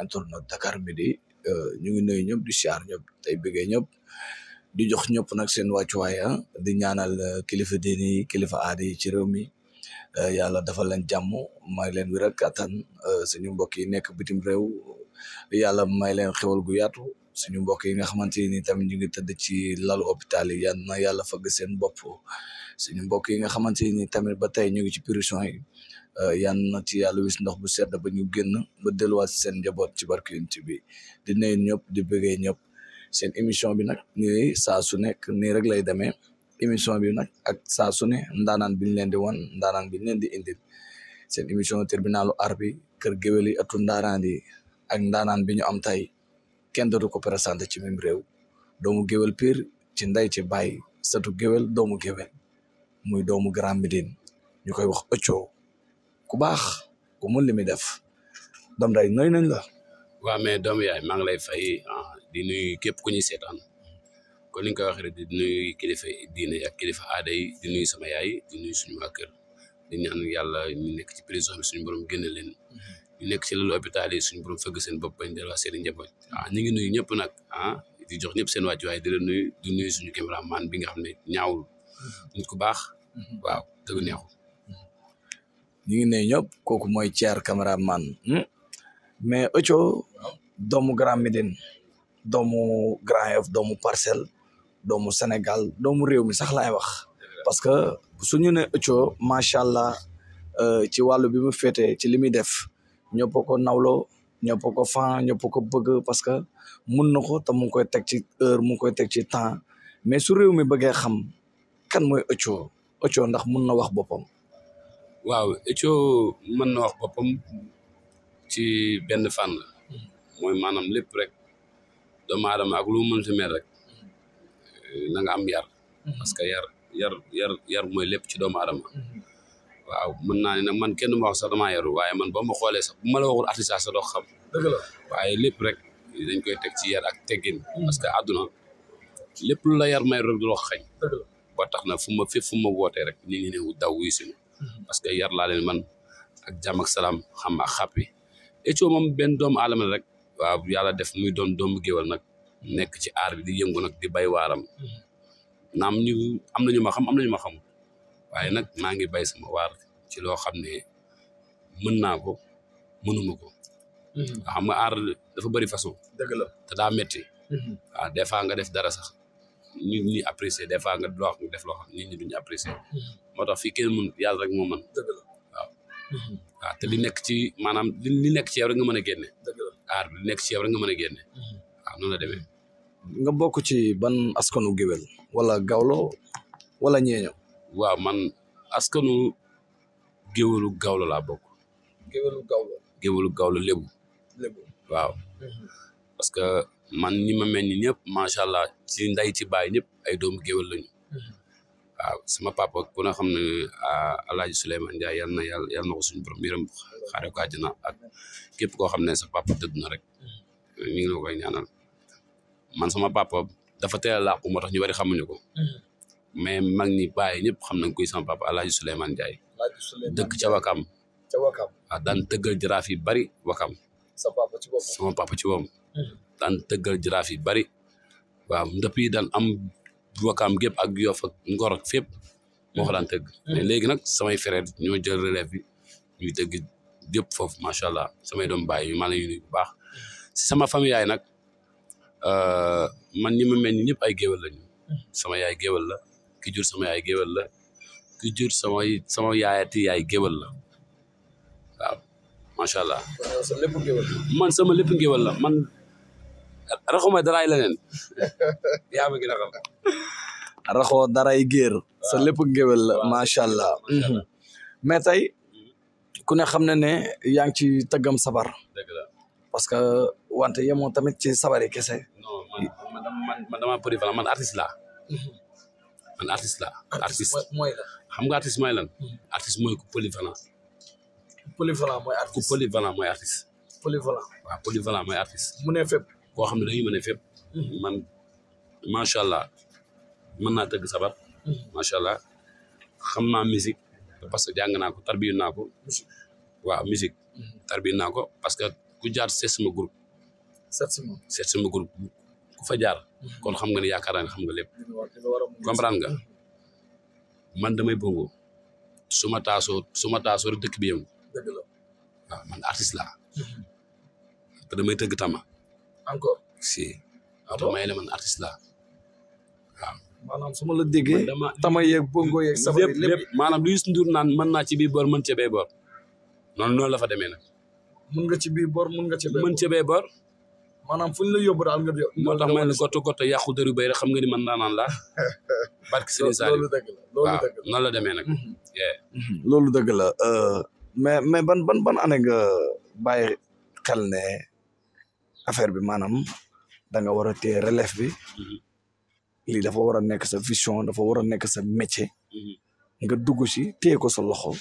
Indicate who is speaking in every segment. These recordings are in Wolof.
Speaker 1: internet Dakar Midi euh, ñu ngi nuyu ñëpp di siyaar ñëpp tey bëggee ñëpp di jox ñëpp nag seen wàccuwaay ah, di ñaanal euh, kilifa diini kilifa aada yi ci réew mi euh, yàlla dafa leen jàmm may leen rek ak kàttan suñu mbokk yi nekk bitim réew yàlla may leen xewal gu yaatu suñu mbokk yi nga xamante ni tamit ñu ngi tëdd ci lal hôpital yi yal na yàlla fagg seen bopp suñu mbokk yi nga xamante ni tamit ba tey ñu ngi ci prison yi. Euh, yal na ci yàlla wis ndox bu sedd ba ñu génn ba si seen njaboot ci barke ci bi di nuyu ñëpp di bëggee ñëpp seen émission bi nag nii saa su nekk nii rek lay demee émission bi nag ak saa su ne ndaanaan bi ñu leen di wan ndaanaan bi ñu leen di indil seen émission tribunalu ar bi kër géwél yi atu ndaanaan yi ak ndaanaan bi ñu am tey kenn dootu ko présenté ci même réew doomu géwél pire ci ndey ci bàyyi satu géwél doomu géwél muy doomu Grand Médine ñu koy wax Othio ku baax ku mun li muy def doom day nooy nañ la.
Speaker 2: waaw mais doom yaay maa ngi lay fay ah, di nuyu képp ku ñuy seetaan kon ni nga ko waxee rek di nuyu kilifa diine ak kilifa aada yi di nuyu sama yaay di nuyu suñu waa kër di ñaan yàlla nekk ci prison bi suñu borom génne leen ñu nekk ci lalu hôpital yi suñu borom fëgg seen bopp bañ delluwaat seen i a ah ñu ngi nuyu ñëpp nag ah di jox ñëpp seen wàccuwaay di la nuyu di nuyu suñu caméraman bi nga xam ne ñaawul ku baax. Mhm. waaw dëgg neexul.
Speaker 1: ñu ne ñëp kooku mooy Thier cameraman hmm? mais Othio doomu Grand Médine doomu Grand Yoff doomu Parcelles doomu Sénégal doomu réew mi sax laay wax parce que suñu ne Othio macha allah euh, ci wàllu bi mu féetee ci li muy def ñëpp ko nawloo ñëpp ko fan ñëpp ko bëgg parce que mun na ko te mu ngi teg ci heure mu ngi teg ci temps mais su réew mi bëggee xam kan mooy Othio Othio ndax mun na wax boppam.
Speaker 2: waaw Ethio man na wax boppam ci benn fànn mooy maanaam lépp rek doomu aadama ak lu mën si rek eh, na nga am yar parce que yar yar yar yar mooy lépp ci doomu aadama waaw mën naa ne man kenn du wax sax damaa yaru waaye man ba ma xoolee sax bu ma la waxul artiste sax doo xam dëgg la waaye lépp rek dañ koy teg ci yar ak tegin hmm. parce que àdduna lépp lu la yar may rek du loo ba tax na fu ma fépp wootee rek nit ñi ne daw wuyu si Mhm. parce que yar laa leen man ak jàmm ak salaam xam ak xàppi Ethio moom benn doomu aadama rek waaw yàlla def muy doon mu géwal nag nekk ci aar bi di yëngu nag di bay waaram mhm. naam ñu am nañu ma xam am nañu ma xamul waaye nag maa ngi bay sama waar ci loo xam ne mën naa ko mënuma ko mhm. xam nga aar dafa bëri façon dëgg daa metti waaw ah, des fois nga def dara sax nit ñi apprécier des fois nga doo wax nga def loo xam nit ñi duñu apprécier mm-hmm. moo tax fii kenn mën yàlla rek moo mën waaw mm-hmm. waaw te li nekk ci maanaam li nekk ci yow nga mën a génne aar li nekk ci yow nga mën a génne mm-hmm. waaw noonu
Speaker 1: nga bokk ci ban askanu géwél wala gawlo wala ñeeño
Speaker 2: waaw man askanu géwélu gawlo laa bokk
Speaker 1: géwélu gawlo
Speaker 2: géwélu gawlo lébu man ni ma mel ni ñëpp macha allah ci nday ci baay ñëpp ay doomu géwél lañu waaw sama papa ku na xam ne alaaji Souleymane Ndiaye yal na yàlla yal na ko suñu borom yërëm xaare ko àjjana ak képp koo xam ne sa papa tëdd na rek ñu ngi la koy ñaanal man sama papa dafa teel a làqu moo tax ñu bari xamuñu ko mais mag ñi baay ñëpp xam nañ koy sama papa alaaji Souleymane Ndiaye dëkk ca Wakam ca Wakam waaw daan tëggal jaraaf yi bari Wakam sa papa ci boppam daan tëggal jaraaf yi bari waaw ndëpp yi daan am wakaam gépp ak yoof ak ngor fépp moo ko tëgg mm-hmm. mais léegi nag samay frère ñoo jël relève bi ñuy tëgg gépp foofu macha allah samay doom baay maa ngi nuyu baax sama famille yaay nag euh, man ñi ma mel ni ñëpp ay géwél lañu mm-hmm. sama yaay géwél la ki jur sama yaay géwél la ki jur sama sama yaayati yaay géwél la waaw macha allah man sama lépp
Speaker 1: géwél la man raxuma daraay leneen yaa ma gën a xam raxoo daray la macha allah mhm. mais tey ku ne xam ne ne yaa ngi ci tëggam sabar parce que wante yemoo tamit ci sabar yi kese
Speaker 2: non man man dama man artiste la mhm. xam nga mhm. artiste mooy ku polyvalent
Speaker 1: polyvalent mooy artiste ku polyvalent
Speaker 2: mooy artiste mu ne fépp koo xam ne dañuy mën a mm-hmm. man macha allah mën naa tëgg sabar mm-hmm. macha allah xam naa musique parce que jàng naa ko tarbiyu naa ko waaw musique mm-hmm. naa ko parce que ku jaar seet suma groupe set suma groupe ku fa jaar kon xam nga ne yaakaar naa ne xam nga lépp comprendre nga man damay bongo su ma taasoo su ma taasoo rek dëkk man artiste laa te damay tëgg tama encore si waaw ah, damay ne man artiste la waaw maanaam su ma la déggee tama yeeg bongo yeeg sabar lépp lépp maanaam lu Youssou Ndour naan mën naa ci bii bor mën ca bee bor noonu noonu la fa demee nag
Speaker 1: mën nga ci bii bor mun nga ci mën ca bee bor maanaam fu la yóbbu daal nga moo tax ma ne
Speaker 2: gotto gotto yàqu dëru béy rek xam nga ni man naanaan laa barke Sëriñ Saliou loolu
Speaker 1: dëgg la waaw
Speaker 2: noonu la demee nag mm-hmm.
Speaker 1: Mm-hmm. loolu dëgg la euh, mais mais ban ban ban année nga bàyyi affaire bi maanaam da nga war a téye relève bi mm-hmm. lii dafa war a nekk sa vision dafa war a nekk sa métier mm-hmm. nga dugg si téye ko sa loxo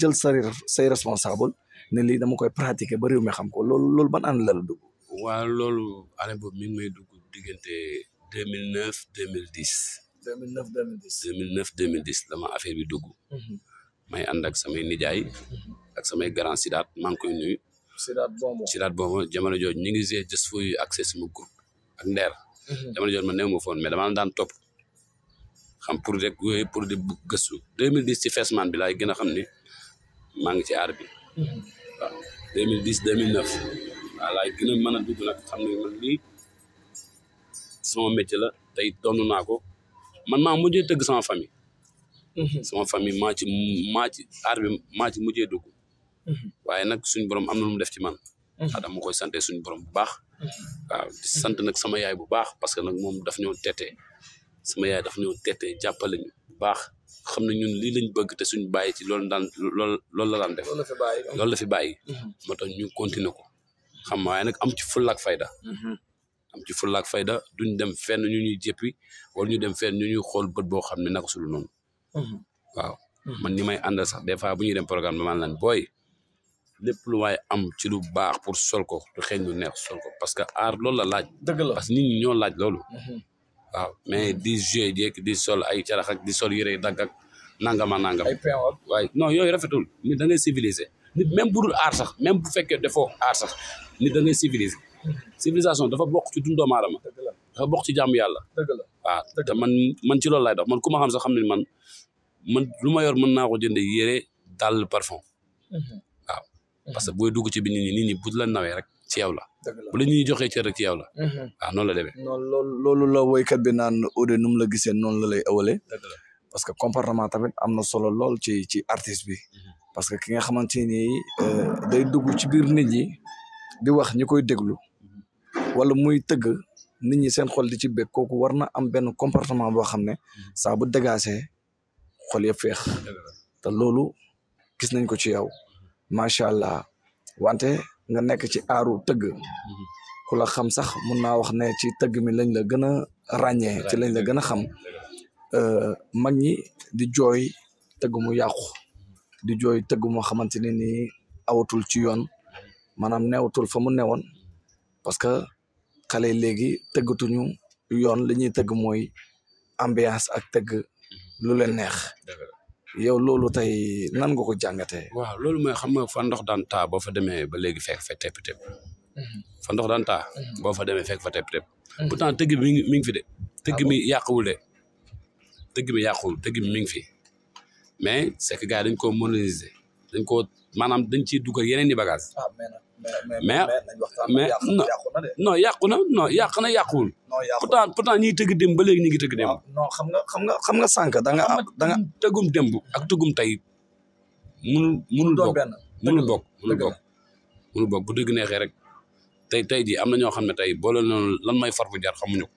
Speaker 1: jël sa say responsable ne lii dama koy pratiquer ba réew mi xam ko loolu loolu ban année lal la dugg.
Speaker 2: waaw loolu année boobu mi ngi may dugg diggante deux mille neuf deux mille dix. deux mille neuf deux mille affaire bi dugg. Mm-hmm. may ànd ak samay nijaay. ak samay grand sidaat maa ngi koy
Speaker 1: Sidaat Bonbon
Speaker 2: Sidaat Bonbon jamono jooju ñu ngi gisee jës fu accès sama groupe ak ndeer mhm. jamono jooju man néew ma foon mais dama daan topp xam pour rek yooyu pour di gëstu 2010 ci fesman bi laay gën a xam ni maa ngi ci aar bi mhm. waaw 2010 2009 waaw laay a mën a dugg xam ne man lii sama métier la tey doon naa ko man maa mujjee tëgg sama famille mhm. sama famille maa ci maa ci aar bi maa ci mujjee dugg Mhm. waaye nag suñ borom am na lu mu def ci man waaw mhm. dama koy sante suñu borom bu baax mhm. waaw sant nag sama yaay bu baax parce que nag moom daf ñoo teetee sama yaay daf ñoo teetee jàppale ñu baax xam ne ñun lii lañ bëgg te suñu bàyyi ci loolu daan loolu loolu la daan def loolu la fi bàyyi moo ñu continuer ko xam waaye nag am ci fullaak fayda am ci fullaak fayda duñ dem fenn ñu ñuy jëppi wala ñu dem fenn ñu ñuy xool bët boo xam ne naka sulu noonu waaw man ñi may anda sax des fois bu ñu dem programme damaa naan booy lépp lu waaye am ci lu baax pour sol ko du xeeñ lu neex sol parce que aar loolu la laaj. dëgg la parce que nit ñoo laaj loolu. Mhm. waaw mais di jouer yeeg di sol ay carax ak di sol yére dagg ak nangama nangam. ay waaye non yooyu rafetul nit da ngay civilisé nit même bu dul aar sax même bu fekkee defoo aar sax nit da ngay civilisé. Mhm. civilisation dafa bokk ci dundoomu bokk ci jàmm yàlla. dëgg man man ci loolu laay dox man ku ma xam sax xam ne man man lu mayor yor mën naa ko jënd yére dàll parfum. Mhm. parce que mhm. booy dugg ci bi nit ñi nit ñi bu la rek ci yow la. bu la ñuy joxee cër rek ci yow la. Mhm. waaw noonu la demee.
Speaker 1: non loolu la woykat bi naan Odé nu mu la gisee noonu la lay awalee. parce que comportement tamit am na solo lool ci ci artiste bi. Mhm. parce que ki nga xamante ni euh, day dugg ci biir nit ñi di wax ñi koy déglu wala muy tëgg nit ñi seen xol di ci bég kooku war na am benn comportement boo xam ne saa bu dégaasee xol yëpp feex te loolu gis nañ ko ci yow. macha allah wante nga nekk ci aaru tëgg ku la xam sax mun naa wax ne ci tëgg mi lañ la gën a ràññee ci lañ la gën a xam euh, mag ñi di jooy tëgg mu yàqu di jooy tëgg moo xamante ne nii awatul ci yoon maanaam newatul fa mu newoon parce que xale léegi tëggatuñu yoon li ñuy tëgg mooy ambiance ak tëgg lu leen neex yow loolu tey nan nga ko jàngatee.
Speaker 2: waaw loolu mooy xam ma fa ndox daan taa boo fa demee ba léegi fekk fa tepp tepp. Mhm. fa ndox daan taa. Mhm. boo fa demee fekk fa tepp tepp. Mhm. pourtant tëgg mi ngi mi ngi fi de. tëgg mi ah yàquwul de. tëgg mi yàquwul tëgg mi mi ngi fi mais c'est que gars yi dañ koo moderniser dañ koo maanaam dañ ciy dugg yeneen i bagage
Speaker 3: ah, mais mais
Speaker 2: non non yàqu na non yàq na yàquwul. pourtant pourtant ñiy tëgg démb ba léegi ñu ngi tëgg démb.
Speaker 1: non xam nga xam nga xam nga sànq da
Speaker 2: da nga tëggum ak tëggum tey mun munul bokk munul bokk munul bokk munul bokk bu dëgg rek te tey jii am na ñoo xam ne tey boole noonu lan may far jar xamuñu ko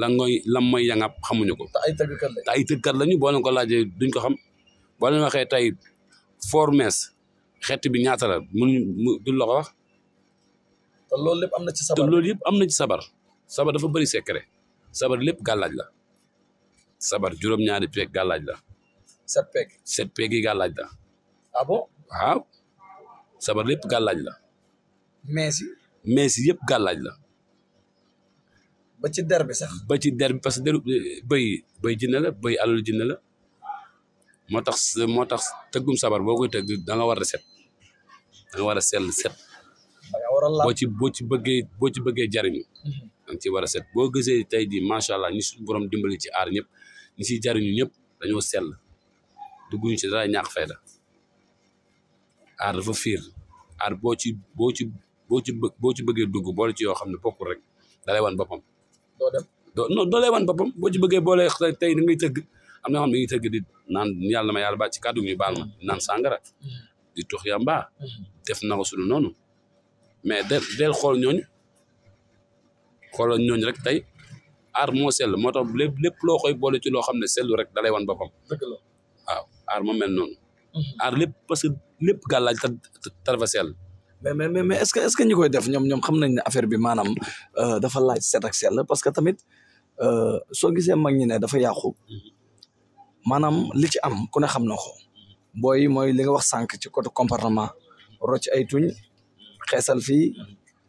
Speaker 2: lan mooy lan mooy yangab xamuñu ko. te ay tëggkat lañu te ay lañu ko laajee duñ ko xam boo leen waxee tey mees xeet bi ñaata la mu du la ko wax. te am na ci sabar te loolu yëpp am na ci sabar. sabar dafa bari secret. sabar lépp gàllaaj la. sabar juróom-ñaari peeg gàllaaj la. set peeg set peeg yi gàllaaj la. ah bon waaw. sabar lépp gàllaaj la. mees yi. mees yi yëpp gàllaaj la.
Speaker 1: ba ci der bi sax.
Speaker 2: ba ci der bi parce que deru eh, bëy bëy jinne la bëy alalu jinne la. moo tax moo tax tëggum sabar boo koy tëgg da nga war a set da war a sell set boo ci boo ci bëggee boo ci bëggee jariñu mhm. da ci war a set boo gisee tey di macha allah ñi suñu borom dimbali ci aar ñëpp ñi siy jariñu ñëpp dañoo sell dugguñu ci dara ñàkk fayda aar dafa fiir aar boo ci boo ci boo ci boo ci bëggee dugg boole ci yoo xam ne bokkul rek da lay wan boppam boo ci bëggee boole tey da ngay tëgg am na yoo xam ne dañuy tëgg di naan yàlla na ma yàlla baa ci kàddu gi ñu baal ma naan sàngara di tux yamba def na ko sunu noonu mais del del xool ñooñu xoolal ñooñu rek tey ar moo sell moo tax lépp lépp loo koy boole ci loo xam ne sellu rek dalay wan boppam waaw ar moo mel noonu mhm. aar lépp parce que lépp gàllaaj ta tarfa sell
Speaker 1: mais mais mais est-ce que est-ce que koy def ñoom ñoom xam na ne affaire bi maanaam euh, dafa laaj set ak sell parce que tamit euh, soo gisee mag ñi ne dafa yàqu mhm. maanaam li ci am ku ne xam na ko booy mooy li nga wax sànq ci côté comportement rocc ay tuñ xesal fii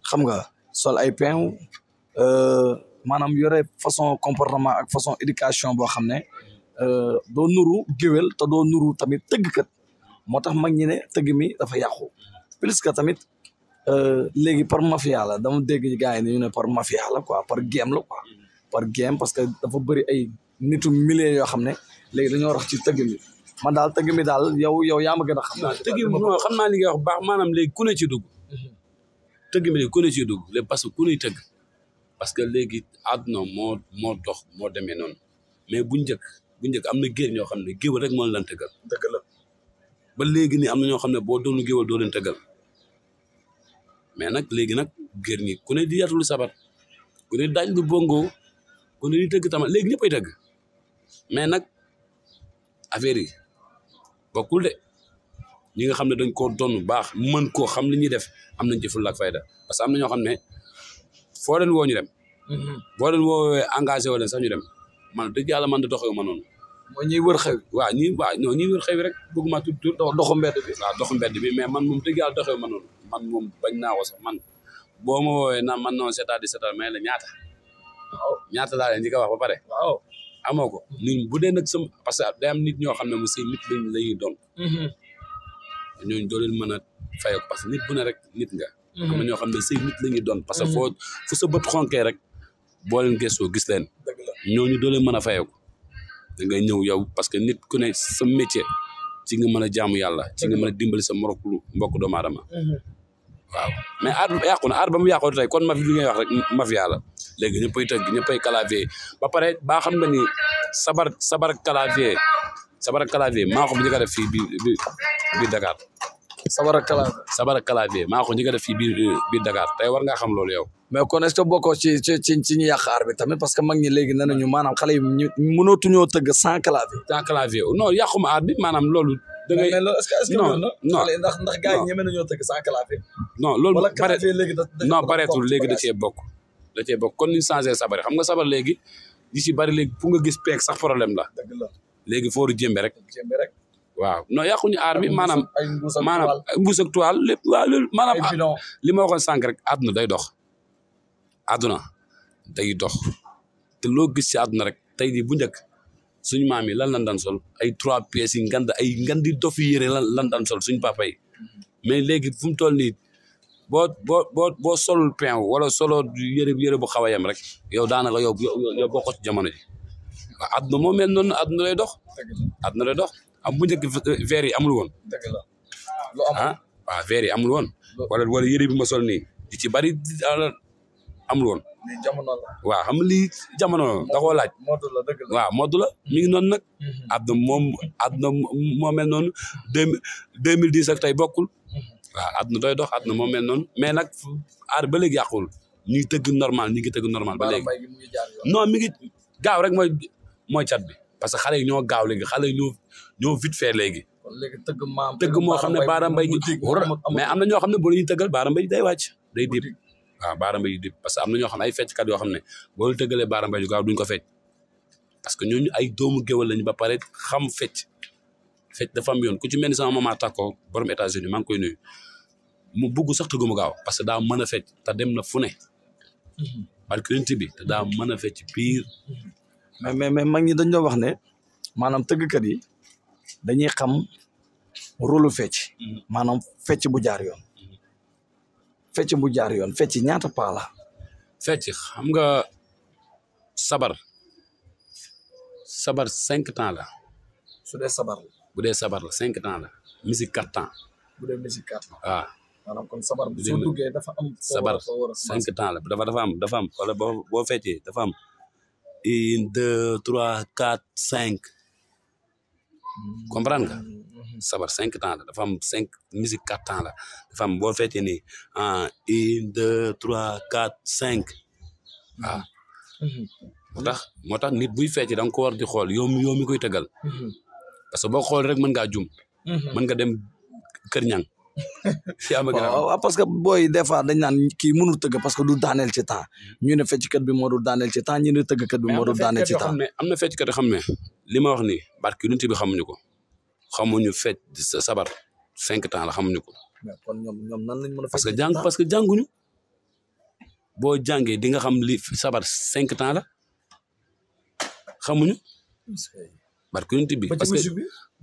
Speaker 1: xam nga sol ay pain euh, maanaam yore façon comportement ak façon éducation boo xam ne euh, doo nuru giwel te doo nuru tamit tëggkat moo tax mag ñi ne tëgg mi dafa yàqu plus que tamit euh, léegi par mafia la dama dégg gars yi ne ñu ne par mafia la quoi par game la par game parce que dafa bëri ay nitu milliers yoo xam ne léegi dañoo rax ci tëgg mi man daal tëgg mi daal yow yow yaa ma gën a xam naa tëgg mi o
Speaker 2: xam naa li nga wax baax maanaam léegi ku ne ci dugg tëgg mi léegi ku ne ci dugg léegi parce que ku ne tëgg parce que léegi àdduna moo moo dox moo demee noonu mais bu njëkk bu njëkk am na géer ñoo xam ne géwél rek moo leen tëggal dëgg la ba léegi nii am na ñoo xam ne boo doonu géwél doo leen tëggal mais nag léegi nag géer ñi ku ne di yatul sabat ku ne daaj lu bongo ku ne di tëgg tamit léegi ñëppay tëgg mais nag affaire yi bokkul de ñi nga xam ne dañ ko doon baax mën koo xam li ñuy def am na ci fulla ak fayda parce que am na ñoo xam ne foo leen woo ñu dem. Mhm. boo leen woowee engagé woo leen sax ñu dem man dëgg yàlla man de doxewu ma noonu. mooy ñiy wër xew. waaw ñi waaw non ñiy wër rek bëgguma tudd doxu mbedd bi waaw doxu mbedd bi mais man moom yàlla doxewu ma noonu man moom bañ naa ko sax man boo ma woowee man noonu seetaan di seetaan may ñaata. waaw ñaata laa leen di wax ba pare. waaw amoo ko ñun bu dee nag sam parce que day nit ñoo xam ne mu say nit lañ lañuy doon mhm. ñooñu doo leen mën a fay ko que nit bu ne rek nit nga mhm. am ñoo xam ne say nit la ñuy doon parce que mhm. foo fu sa bët xonkee rek boo leen gëstoo gis leen ñooñu doo leen mën a fayeeku da ngay ñëw yow parce que nit ku ne sam métier ci nga mën a jaamu yàlla ci nga mën a dimbali sa moroklu mbokk doomu aadama waaw mais aar yàqu na aar ba mu yàqoo tey kon ma fi li wax rek mafia la léegi ñëppay tëgg ñëppay clavier ba pare ba xam nga ni sabar sabar clavier sabar clavier maa ko fi njëkk a def fii biir biir Dakar. sabar clavier sabar clavier maa ko njëkk a def fii biir biir Dakar tey war ngaa xam lool yow.
Speaker 1: mais kon est-ce que ci ci ci ñu yàq aar bi tamit parce que mag ñi léegi nee nañu maanaam xale yi mënootuñoo tëgg sans clavier. sans clavier non yàquma aar bi maanaam loolu. da ngay mais loolu est ce que ce ndax ndax gars yi ñeme nañoo tëgg sans clavier. non
Speaker 2: loolu wala clavier léegi da non bareetul léegi da cee bokk. da cee bokk kon ni changé sabari xam nga sabar léegi di si bari léegi pour nga gis peeg sax problème la. dëgg la léegi fooru jëmbe rek. jëmbe rek. waaw non yàquñu aar bi maanaam. ay mbuus ak toile lépp waaw loolu maanaam. li ma waxoon sànq rek àdduna day dox. àdduna day dox te loo gis ci àdduna rek tey jii bu njëkk suñu maam yi lan lan daan sol ay trois pièces yi ngand ay ngandi dofi yére lan lan daan sol suñu papa yi mais léegi fu mu toll nii boo boo boo boo solul pain wala solo yére yére bu xaw a yem rek yow daanaka yow yow bokkoo ci jamono ji àdduna moo mel noonu àdduna lay dox àdduna lay dox am bu njëkk eh, verre yi amul woon ah waaw yi amul woon wala wala yére bi ma sol nii amul woon. jamono la waaw xam nga lii jamono da koo laaj.
Speaker 3: motu la dëgg la
Speaker 2: mi ngi noonu nag. Mhm. àdduna moom àdduna moo mel noonu deux deux mille dix ak tey bokkul. Mhm. waaw àdduna doy dox àdduna moo mel noonu mais nag aar ba léegi yàqul ñu ngi tëgg normal ñi ngi tëgg normal. ba léegi non mi ngi gaaw rek mooy mooy cat bi. parce que xale yi ñoo gaaw léegi xale yi ñoo ñoo vite fait
Speaker 1: tëgg moo xam ne baaraam bay ñu
Speaker 2: am na ñoo xam ne bu la ñuy tëggal baaraam bay day wàcc day diib. waaw baara mbay di parce que am na ñoo ay fecckat yoo xam ne boo leen tëggalee baara mbay ju gaaw ko fecc parce que ñooñu ay doomu la lañu ba pare xam fecc fecc dafa am yoon ku ci mel ni sama maman Tako borom États-Unis maa ngi koy nuyu mu bugg sax tëggu mu gaaw parce que daa mën a fecc te dem na fu ne. parce que bi te daa mën a fecc
Speaker 1: pire. mais mais mais mag ñi dañ doon wax ne maanaam tëggkat yi dañuy xam rôle fecc. Mm-hmm. maanaam fecc bu jaar yoon. fecc bu jaar yoon fecc ñaata paa la.
Speaker 2: fecc xam nga sabar sabar cinq temps la.
Speaker 1: su dee sabar la.
Speaker 2: bu dee sabar la cinq tanla la. musique quatre temps.
Speaker 1: bu dee musique quatre ah. sabar cinq
Speaker 2: temps la dafa dafa am dafa am wala boo boo feccee dafa am. une deux trois quatre cinq hmm. comprendre sabar cinq tan la dafa am cinq musique quatre temps la dafa am boo fekkee ni en ah, une deux trois quatre cinq waaw
Speaker 3: mm-hmm.
Speaker 2: moo tax moo tax nit buy fecc dan nga ko war di xool yow mi yow mi koy tëggal mm-hmm. parce que boo xool rek mën ngaa jum
Speaker 1: mm-hmm. mën nga
Speaker 2: dem kër ñang waaw
Speaker 1: parce que booy des fois dañ naan kii mënul tëgg parce que du daaneel ci temps ñu ne fecckat bi moo dul daaneel ci temps ñu ne tëggkat bi moo dul daaneel ci temps am
Speaker 2: na fecckat yoo xam ne ko xamuñu fecc sabar cinq temps la xamuñu ko.
Speaker 1: kon ñoom lañ mën a. parce que jàng parce
Speaker 2: que jànguñu boo jàngee di nga xam li sabar cinq temps la xamuñu. barke yonent bi parce que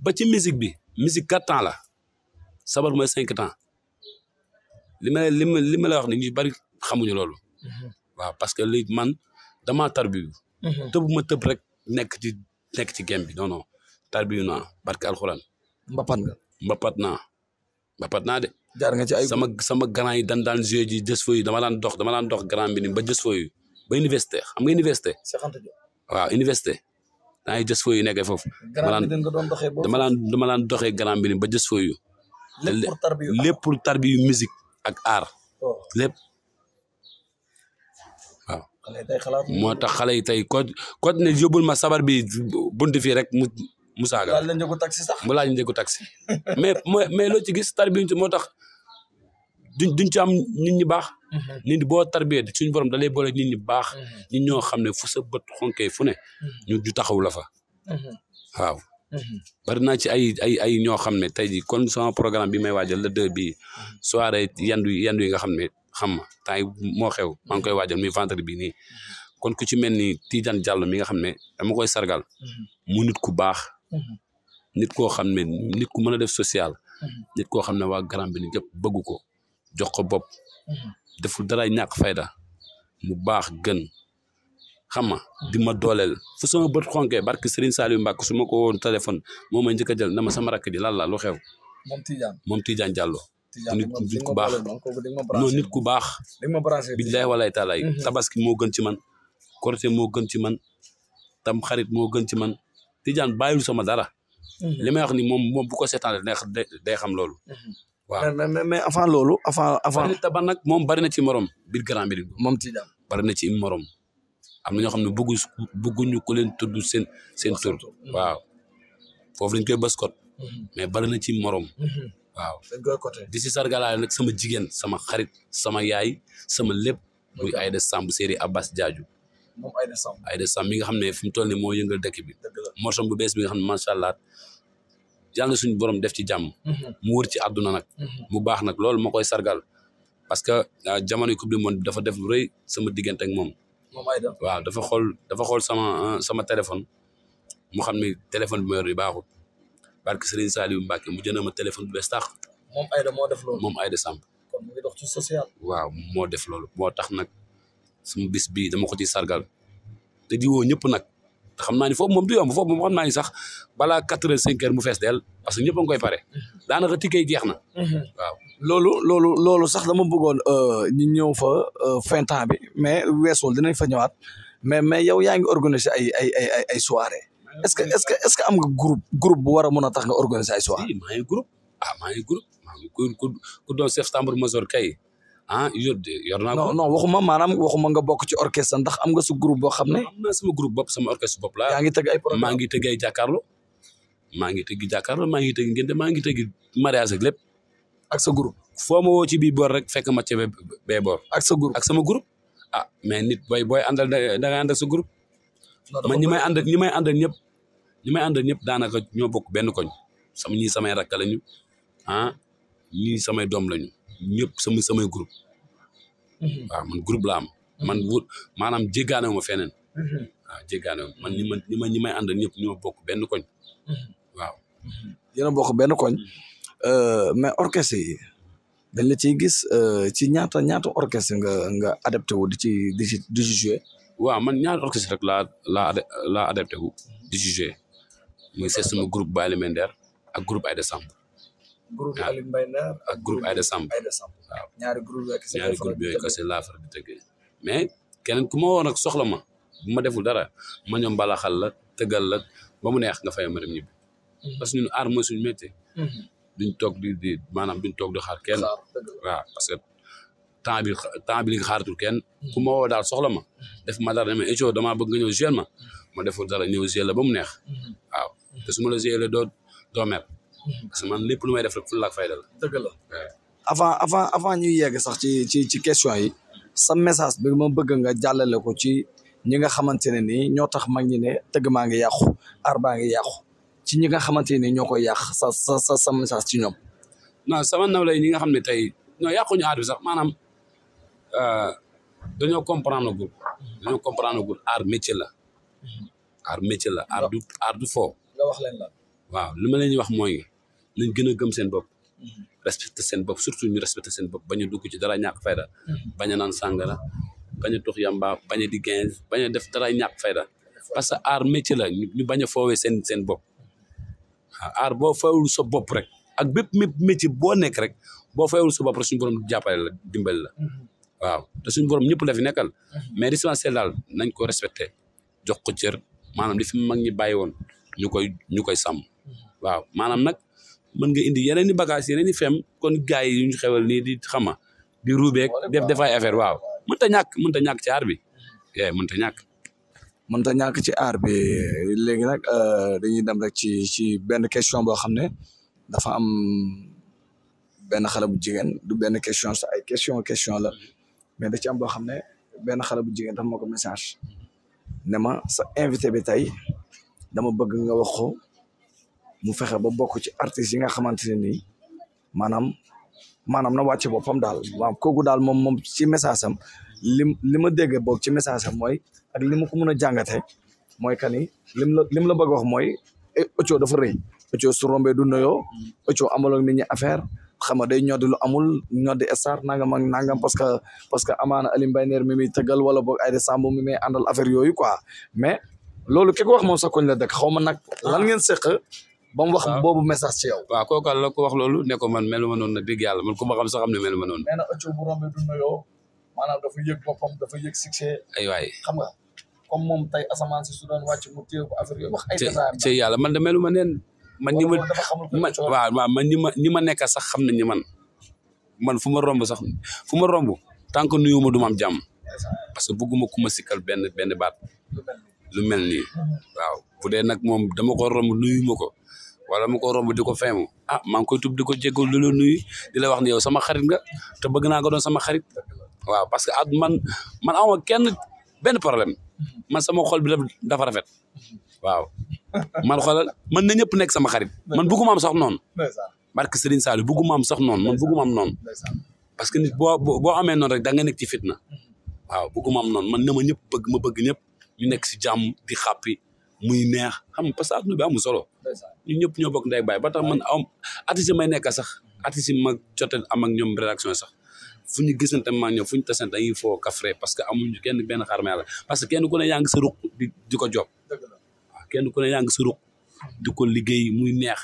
Speaker 2: ba ci musique bi musique quatre tan la sabar mooy cinq temps li ma li ma li ma la wax ni ñu bari xamuñu loolu. Mhm. waaw parce que li man damaa tarbi. Mhm. tëb ma tëb rek nekk ci nekk ci game bi non tarbiyu naa barke alxuraan. mbapat nga mbapat naa mbapat naa de. jaar sama sama yi dan daan joué ji jës fooyu dama laan dox dama daan dox grand bi ni ba jës fooyu ba université xam nga université. waaw université. ngi jës fooyu nekkee foofu. dama daan dama daan dama ba jës fooyu. lépp pour tarbiyu lépp pour tarbiyu musique ak art. Oh. lépp
Speaker 1: waaw. moo tax
Speaker 2: tey ko ko ne yóbbul ma sabar bi bunt fii rek Moussa Gara laaj la njëgu taxi sax mu laaj njëgu taxi mais mais loo ci gis tarbiya moo tax duñ duñ ci am nit ñi baax. Mhm. nit boo tarbiyee suñu borom da lay boole nit ñi baax. Mhm. ñoo xam ne fu sa bët xonkee fu ne. Mhm. ñu ju taxaw la fa. waaw. bari naa ci ay ay ay ñoo xam ne tey jii kon sama programme bi may waajal le bi bii soirée yandu yandu yi nga xam ne xam ma temps moo xew maa ngi koy waajal muy ventre bi nii kon ku ci mel ni Tidiane Diallo mi nga xam ne dama koy sargal mu ku baax. Mm-hmm. nit koo xam ne nit ku mën a def social. Mm-hmm. nit koo xam ne waa Grand Médine gépp bëgg ko jox ko bopp.
Speaker 3: Mm-hmm.
Speaker 2: deful dara ñàkk fayda mu baax gën xam ma di ma dooleel fu sama bët xonkee barke Serigne Saliou Mbacke su ma ko woon téléphone moo may njëkk jël na ma sama rakk ji lan la lu xew. moom Tidiane moom nit ku baax non nit ku baax. billaay walaay taalaay tabaski moo gën ci man. korité moo gën ci man tam xarit moo gën ci man. Tidiane bàyyiwul sama dara. Mhm. li may wax ni moom moom bu ko seetaan day xam loolu. Mhm.
Speaker 1: waaw mais mais mais avant loolu avant avant. taban
Speaker 2: nag moom bari na ci morom biir grand bi moom Tidiane bari na ci morom. am na ñoo xam ne bëggu bëgguñu ku leen sen seen seen tur. Mhm. waaw foofu lañ koy baskot. mais bari na ci morom. waaw di si sargalaale nag sama jigéen sama xarit sama yaay sama lépp muy Aïda Samb Série Abbas Diadio.
Speaker 3: moom Aïda Samb Aïda
Speaker 2: Samb mi nga xam ne fi mu toll nii moo yëngal dek bi morsom bu bees bi nga xam ne macha allah yàlla suñu borom def ci jàmm mhm. mu wër ci àdduna nag mhm. mu baax nag loolu moo koy sargal parce que euh, jamono coupe du monde dafa def lu sama diggante ak moom waaw dafa xool dafa xool sama euh, sama téléphone mu xam ne téléphone bi ma yor bi baaxul barke Serigne Saliou Mbacke mu jënd ma téléphone bu bees tax
Speaker 1: moom moom
Speaker 2: Aïda Samb waaw moo def loolu moo tax nag suñu bis bii dama ko ci sargal te di woo ñëpp nag te xam naa ni foofu moom du yomb foofu moom xam naa sax balaa quatre heures cinq heures mu fees dell parce a ngi koy pare daanaka tikkee jeex na waaw
Speaker 1: loolu loolu loolu sax dama bëggoon euh, ñu ñëw fa euh, fin temps bi mais weesul dinañ fa ñëwaat mais mais yow yaa ngi organiser ay ay ay ay ay soirée est-ce que est am nga groupe groupe bu war a mën a tax nga organiser ay soirée maa ngi ah maa ngi
Speaker 2: ku doon chef tambour kay ah yor yor naa ko. waxuma
Speaker 1: maanaam waxuma nga bokk ci orchestre ndax am nga su groupe boo xam ne. am naa
Speaker 2: sama groupe bopp sama orchestre bopp laa. yaa ngi tëgg ay programme maa ngi tëgg ay jàkkaarloo. maa ngi tëgg jàkkaarloo maa ngi tëgg ngénte maa mariage ak lépp. ak sa groupe. foo ma woo ci bii boor rek fekk ma ca bee ak sa groupe ak sama groupe. ah mais nit booy booy àndal da da ngay sa groupe. ma ñi may ànd ak ñi may ànd ñëpp. ñi may ànd ñëpp daanaka ñoo bokk benn koñ sama ñii samay rakk lañu ah ñii samay doom lañu ñëpp sama samay groupe mhm. waaw man groupe la man wut maanaam jéggaane wu ma feneen mhm. waaw jéggaane man ñi ma ñi ma ñi may àndal ñëpp ñoo bokk benn koñ
Speaker 1: mhm. waaw yéen a bokk benn koñ euh, mais orchestre yi dañ la ciy gis euh, ci ñaata ñaata orchestre nga nga adapté wu di ci di di ci joué
Speaker 2: waaw man ñaari orchestre rek laa laa laa adapté wu di ci joué muy c'est sama groupe Baali Mender ak groupe de Samb
Speaker 3: groupe ah, Alioune Mbaye Nder ak groupe Aïda Samb Aïda Samb waaw ñaari groupe yooyu
Speaker 2: kese ñaari di tëggee mais keneen ku ma woo nag soxla ma bu ma deful dara ma ñoom balaxal la tëggal la ba mu neex nga fay ma dem ñibbi mhm. parce que ñun aar mooy suñu métier mhm. duñ toog di di maanaam duñ toog di xaar kenn waaw parce que temps bi temps bi li nga xaaratul kenn mhm. ku ma woo daal soxla ma def ma dara ne ma écho damaa bëgg nga ñëw gérer ma ma deful dara ñëw gérer la ba mu neex waaw te su doo doo parce que man lépp lu may def rek fulla ak fayda la.
Speaker 1: la avant avant avant ñuy yegg sax ci ci ci question yi sa message bi ma bëgg nga jàllale ko ci ñi nga xamante ne nii ñoo tax mag ñi ne tëgg maa ngi yàqu aar baa ngi yàqu ci ñi nga xamante ne ñoo koy yàq sa sa sa sa message ci ñoom.
Speaker 2: non sama naw lay ñi nga xam ne tey ñoo yàquñu aar bi sax maanaam euh, dañoo comprendre gul dañoo comprendre gul aar métier la mm-hmm. aar métier la aar du
Speaker 3: aar
Speaker 2: waaw li ma ñi wax mooy nañ gën a gëm seen bopp respecté seen bopp surtout ñu respecté seen bopp bañ a dugg ci dara ñàkk fayda bañ a naan sàngara bañ a tux yamba bañ di gains bañ a def dara fay fayda parce que aar métier la ñu bañ a foowee seen seen bopp waaw aar boo fayul sa bopp rek ak bépp métier boo nekk rek boo fayul sa bopp rek suñ borom jàppale la dimbali la waaw te suñ borom ñëpp la fi nekkal mais dispensaire daal nañ ko respecté jox ko cër maanaam li fi mag ñi bàyyi woon ñu koy ñu koy sàmm waaw maanaam nag mën nga indi yeneen i bagages yeneen i fem kon gars yi ñu xewal nii di xama di ruubeeg def defay affaire waaw mënta ñàkk mënta ñàkk ci aar bi eh mënta ñàkk.
Speaker 1: mënta ñàkk ci aar bi léegi nag euh, dañuy dem rek ci ci benn question boo xam ne dafa am benn xale bu jigéen du benn question sa ay question question la mais da ci am boo xam ne benn xale bu jigéen dafa ma ko message ne ma sa invité bi tey dama bëgg nga wax mu fexe ba bokk ci artistes yi nga xamante ne nii maanaam maanaam na wàcce boppam daal waaw kooku daal moom moom ci message am li li ma dégg boog ci message am mooy ak li ma ko mën a jàngate mooy que ni lim la lim la bëgg wax mooy eh, Othio dafa rëy Othio su rombee du nuyoo Othio amaloon nit ñi affaire xam nga day ñoddi lu amul ñoddi star nangam ak nangam parce que parce que amaana Alioune Mbaye Nder mi muy wala boog Aïda Samb mi muy àndal affaire yooyu quoi mais loolu ki wax moom sa koñ la dëkk xaw ma nag lan ngeen seq ba mu wax boobu message ci yow.
Speaker 2: waaw kooku la ko wax loolu ne ko man melu ma noonu na big yàlla man ku ma xam sax xam ne melu ma noonu.
Speaker 1: nee na Othio bu du nuyoo maanaam dafa yëg boppam dafa yëg succès.
Speaker 2: ay waay xam
Speaker 1: comme moom tey asamaan affaire yooyu wax ay.
Speaker 2: yàlla man de melu ma neen. man ni wa man waaw waaw man ñi ma ñi ma nekk sax xam nañ ni man man fu ma romb sax fu ma romb tant que nuyu ma du ma am jàmm parce que bëgguma ku ma sikkal benn benn baat lu mel nii mm-hmm. waaw bu dee nag moom dama ko romb nuyu ma ko wala mu ko romb di ko feemu ah maa tub di ko jégal di la di la wax ne yow sama xarit nga te bëgg naa nga doon sama xarit waaw parce que at man man awma kenn benn problème man sama xol bi dafa rafet waaw man xola man na ñëpp nekk sama xarit man bëgguma am sax noonu barke Serigne Saliou bëgguma am sax noonu man bëgguma am noonu parce que nit boo boo amee noonu rek da nga nekk ci fitna waaw am noonu man na ma ñëpp bëgg ma bëgg ñëpp ñu nekk si jàmm di xàppi muy neex xam parce que adduna bi amul solo. ñu ñëpp ñoo bokk ndey baay ba tax man am artiste may nekk sax artiste yi ma jote am ak ñoom rédaction sax fu ñu gisante ma ñoom fu ñu tasante dañuy foo kafre parce que amuñu kenn benn xaar ma yàlla parce que kenn ku ne yaa ngi sa ruq di di ko job kenn ku ne yaa ngi di ko liggéey muy neex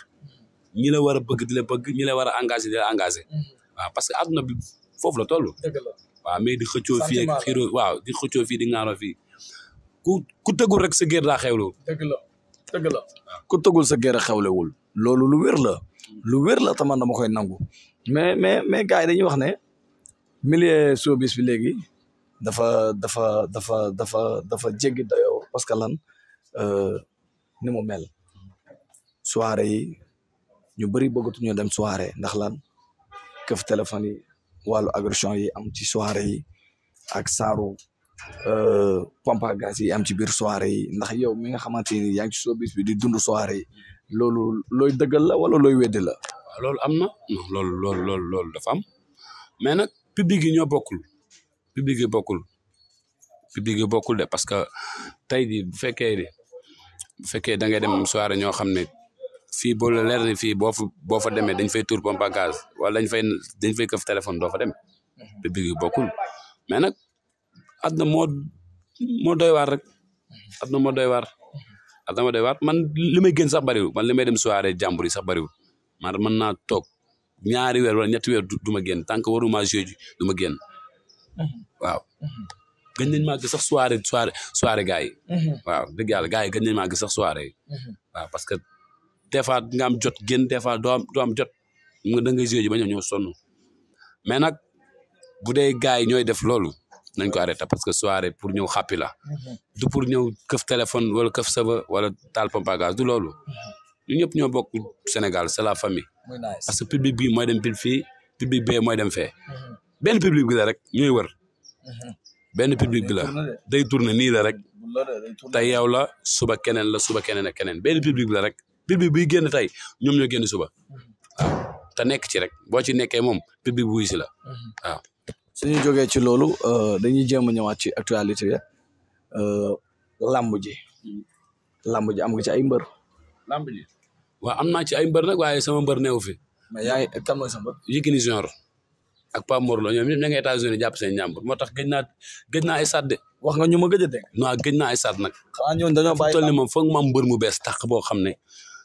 Speaker 2: ñi la war a bëgg di la bëgg ñi la war a engagé di engagé mm-hmm. parce que adduna bi foofu la toll. waaw mais di xëccoo fii waaw di xëccoo fii di ŋaaroo fii. ku ku tëggul
Speaker 1: rek sa géer daa xewlewul. dëgg la dëgg la. sa géer a xewlewul. loolu lu wér la. lu wér taman dama koy nangu. mais mais mais gars yi dañuy wax ne. milieu showbiz bi léegi dafa dafa dafa dafa dafa jéggi dayoo parce que lan euh, ni mu mel soirée yi ñu bëri bëggatuñu dem soirée ndax lan këf téléphone yi wàllu agression yi am ci soirée yi ak saaru Euh, pompe à gaz yi am ci biir soirée yi ndax yow mi nga xamante ni yaa ngi ci showbiz bi di dund soirée yi loolu looy dëggal la wala looy weddi la.
Speaker 2: waaw loolu am na non loolu loolu loolu loolu dafa am mais nag public yi ñoo bokkul public yi bokkul public bokkul de parce que tey jii bu fekkee de bu fekkee da ngay dem soirée ñoo xam ne fii boo la leer ni fii boo fa boo fa demee dañ fay tur pompe gaz wala dañ fay dañ fay këf téléphone doo fa dem mhm. public yi bokkul mais nag. àdduna moo moo doy waar rek àdduna moo doy waar àdduna moo doy man li may gën sax bariwul man li may dem soirée jàmbur yi sax bariwul man mën naa toog ñaari weer wala ñetti weer du ma génn tant que waruma joué du ma génn waaw gën nañ maa gis sax soirée soirée soirée gars yi waaw dëgg yàlla gars yi gën nañ maa que des fois nga am jot génn des fois jot nga da nga ñoo sonn mais nag bu dee gars yi ñooy def loolu nañ ko arrêté parce que soirée pour ñëw xàppi la mhm. pour ñëw këf téléphone wala këf saba wala tal pompe à gaz du loolu mhm. ñu ñëpp ñoo bokk Sénégal c'est la famille parce bi mooy dem pil fii public bee mooy dem fee mhm. benn public rek ñooy wër benn public bi la day tourné nii la rek tey yow la suba keneen la suba keneen ak keneen benn public la rek public buy génn tey ñoom ñoo génn suba waaw te nekk ci rek boo ci nekkee moom public buy
Speaker 1: suñu jógee ci loolu euh, dañuy jéem a ñëwaat ci actualité euh, làmb ji làmb ji am nga ci ay mbër
Speaker 2: làmb am naa ci ay mbër nag waaye sama mbër neewu fi mais yaay kan mooy sa mbër Yékini Junior ak Pape Mor Lo ñoom ñëpp ña États-Unis jàpp seen ñàmbur moo tax gëj naa gëj naa ay stade de wax nga ñu ma gëj a dégg non gëj naa ay stade nag xanaa ñoon dañoo bàyyi toll moom foog mbër mu bees tax boo xam ne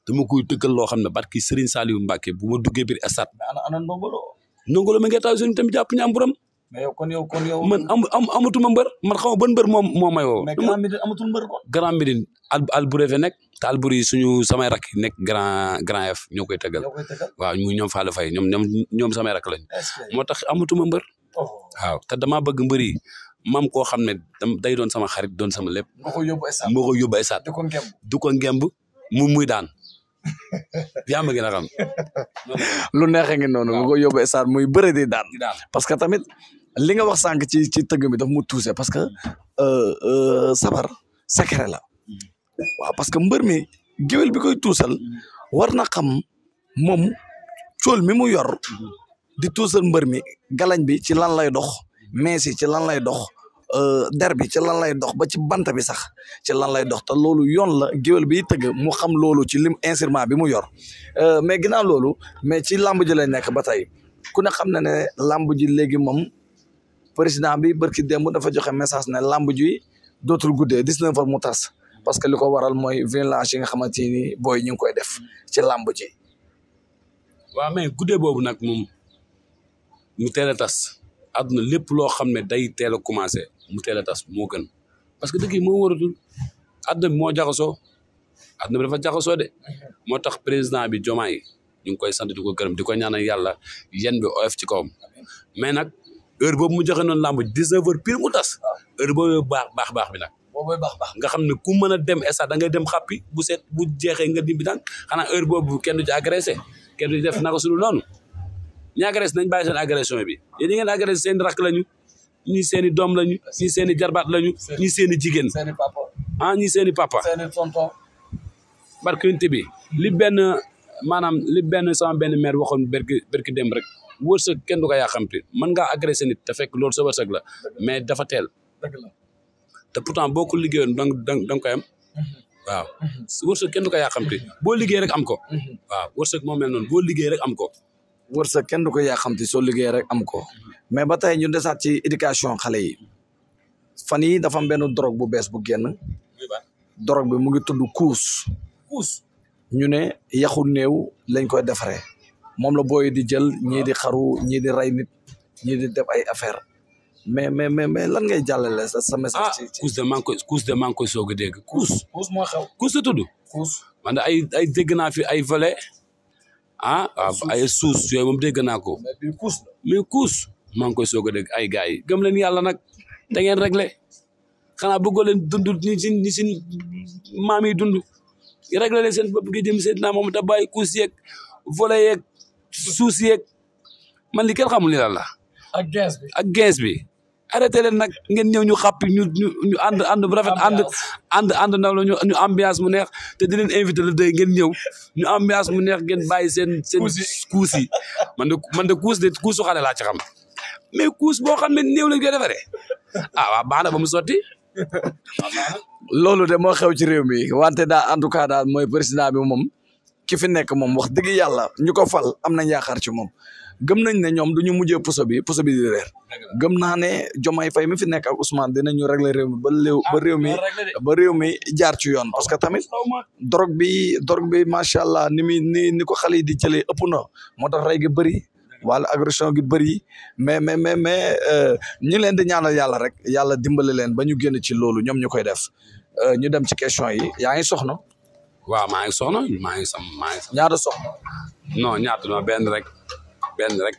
Speaker 2: dama koy tëggal loo xam ne barki Serigne Saliou Mbacke bu ma duggee biir stade
Speaker 1: ana ana ndongolo
Speaker 2: ndongolo ma nga
Speaker 1: mais kon yow kon yow. man
Speaker 2: am am amatuma mbër man xaw ma ban mbër moom moo may woo. mais Grand
Speaker 1: Médine amatul mbër kon.
Speaker 2: Grand Médine al Albouri nekk te Albouri suñu samay rakk nekk Grand Grand F ñoo koy tëggal. ñoo koy tëggal waaw ñu ñoom Fallou Faye ñoom ñoom ñoom samay rakk lañ. moo tax amatuma mbër. Oh. waaw te damaa bëgg mbër yi maam koo xam ne day doon sama xarit doon sama lépp.
Speaker 1: moo ko yóbbu esaat moo ko yóbbu esaat. du ko ngemb mu muy daan. yaa ma gën a xam. lu neexee ngi noonu. waaw lu ko yóbbu esaat muy bëre di daan. parce tamit li nga wax sànq ci ci tëgg mi daf mu tuuse parce que euh, euh, sabar secret la waaw parce que mbër mi géwél bi koy tuusal war na xam moom cool mi mu yor di tuusal mbër mi galañ bi ci lan lay dox mees yi ci lan lay dox euh, der bi ci lan lay dox ba ci bant bi sax ci lan lay dox te loolu yoon la géwél biy tëgg mu xam loolu ci lim instrument bi mu yor mais ginnaaw loolu mais ci làmb ji lay nekk ba tey ku ne xam na ne làmb ji léegi moom président bi barki démb dafa joxe message ne lamb ji dootul guddee dix-neuf heures mu tas parce que li ko waral mooy violence yi nga xamante ni booy ñu ngi koy def ci lamb ji.
Speaker 2: waaw mais guddee boobu nag moom mu teel a tas àdduna lépp loo xam ne day teel a commencé mu teel a tas moo gën parce que dëkk moo waratul àdduna bi moo jaxasoo àdduna bi dafa jaxasoo de moo tax président bi Diomaye ñu ngi koy sant di ko di ko ñaanal yàlla yen bi oyof ci kawam mais heure boobu mu joxe noonu làmb 19 heures pile mu tas ah. heure boobu baax baax baax bi nag boobu nga xam ne ku mën a dem esa da ngay dem xàppi bu set bu jeexee nga dimbi daan xanaa heure boobu kenn du ci agressé kenn du ci def naka sulu noonu ñi agressé nañ bàyyi seen agression bi yéen ñi ngeen agressé seen rakk lañu ñii seen i doom lañu ñii seen i jarbaat lañu ñii seen i jigéen ah seeni seen i papa
Speaker 1: ah,
Speaker 2: barke yunte bi li benn maanaam li benn sama benn maire waxoon berki berki dem rek wërsëg kenn du ko yaa xamti mën ngaa agressé nit te fekk loolu sa wërsëg la mais dafa teel te pourtant boo ko liggéeyoon dang dang da mm-hmm.
Speaker 1: waaw mm-hmm. kenn du ko yaa boo liggéey rek am ko mm-hmm. waaw wërsëg moo mel noonu boo liggéey rek am ko wërsëg kenn du ko yaa xamti soo liggéey rek am ko mais ba tey ñu desaat ci éducation xale yi fan yi dafa am benn drogue bu bees bu genn drogue bi mu ngi tudd kuus kuus ñu ne yaxu néew lañ koy defaree moom la booy di jël ñii di xaru ñii di ray nit ñii di def ay affaire mais mais mais lan ngay jàllale sa sa message. Ah, ci ci
Speaker 2: couche de manque koy de manque soog a dégg couche. couche moo xew couche la man ay ay dégg naa fi ay vole ah waaw ah, ay suus yooyu moom dégg naa ko. mais bii couche maa ngi koy soog a dégg ay gars yi gëm leen yàlla nag da ngeen réglé xanaa bëggoo leen dund ni si ni si maam yi dund réglé leen seen bopp gi jëm seen naa moom te bàyyi couche yeeg suuf si man li kenn xamul ni la. ak gens bi ak gens bi. arrêté leen nag ngeen ñëw ñu xàppi ñu ñu ñu ànd and bu rafet ànd ànd ànd na la ñu ñu ambiance mu neex te di leen invité le day ngeen ñëw ñu ambiance mu neex ngeen bàyyi seen seen kuus yi man de man de kuus de kuusu xale laa ci xam mais kuus boo xam ne néew lañ koy defaree ah waaw ba mu sotti
Speaker 1: loolu de moo xew ci réew mi wante daal en tout cas daal mooy président bi moom ki fi nekk moom wax dëgg yàlla ñu ko fal am nañ yaakaar ci moom gëm nañ ne ñoom du ñu mujjee puso bi puso bi di reer gëm naa ne jomay Fay mi fi nekk ak Ousmane dinañu régler réew mi ba léew ba réew mi ba réew mi jaar ci yoon parce que tamit drogue bi drogue bi macha allah ni muy ni ni ko xale yi di jëlee ëpp na moo tax rey gi bëri wala agression gi bëri mais mais mais mais euh, ñu leen di ñaanal yàlla rek yàlla dimbali leen ba ñu génn ci loolu ñoom ñu koy def euh, ñu dem ci question yi yaa ngi soxna
Speaker 2: waaw maa ngi soxna maa ngi sam maa ngi
Speaker 1: sam ñaata soxna
Speaker 2: non ñaata ma benn rek benn rek